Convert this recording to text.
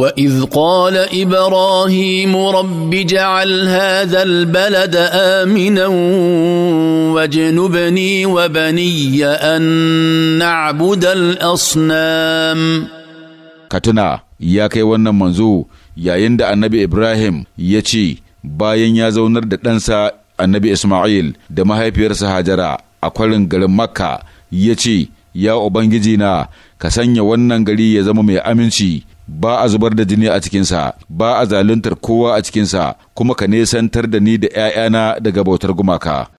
واذ قال ابراهيم رب اجعل هذا البلد امنا واجنبني وبني ان نعبد الاصنام كتنا wannan manzo yayin da annabi ibrahim ya ce bayan ya zaunar da ɗansa annabi isma'il da mahaifiyarsa hajara a kwarin garin makka ya ce ya ubangiji na ka sanya wannan gari ya zama mai aminci ba a zubar da jini a cikinsa ba a zaluntar kowa a cikinsa kuma ka nesantar da ni da ’ya'yana daga bautar gumaka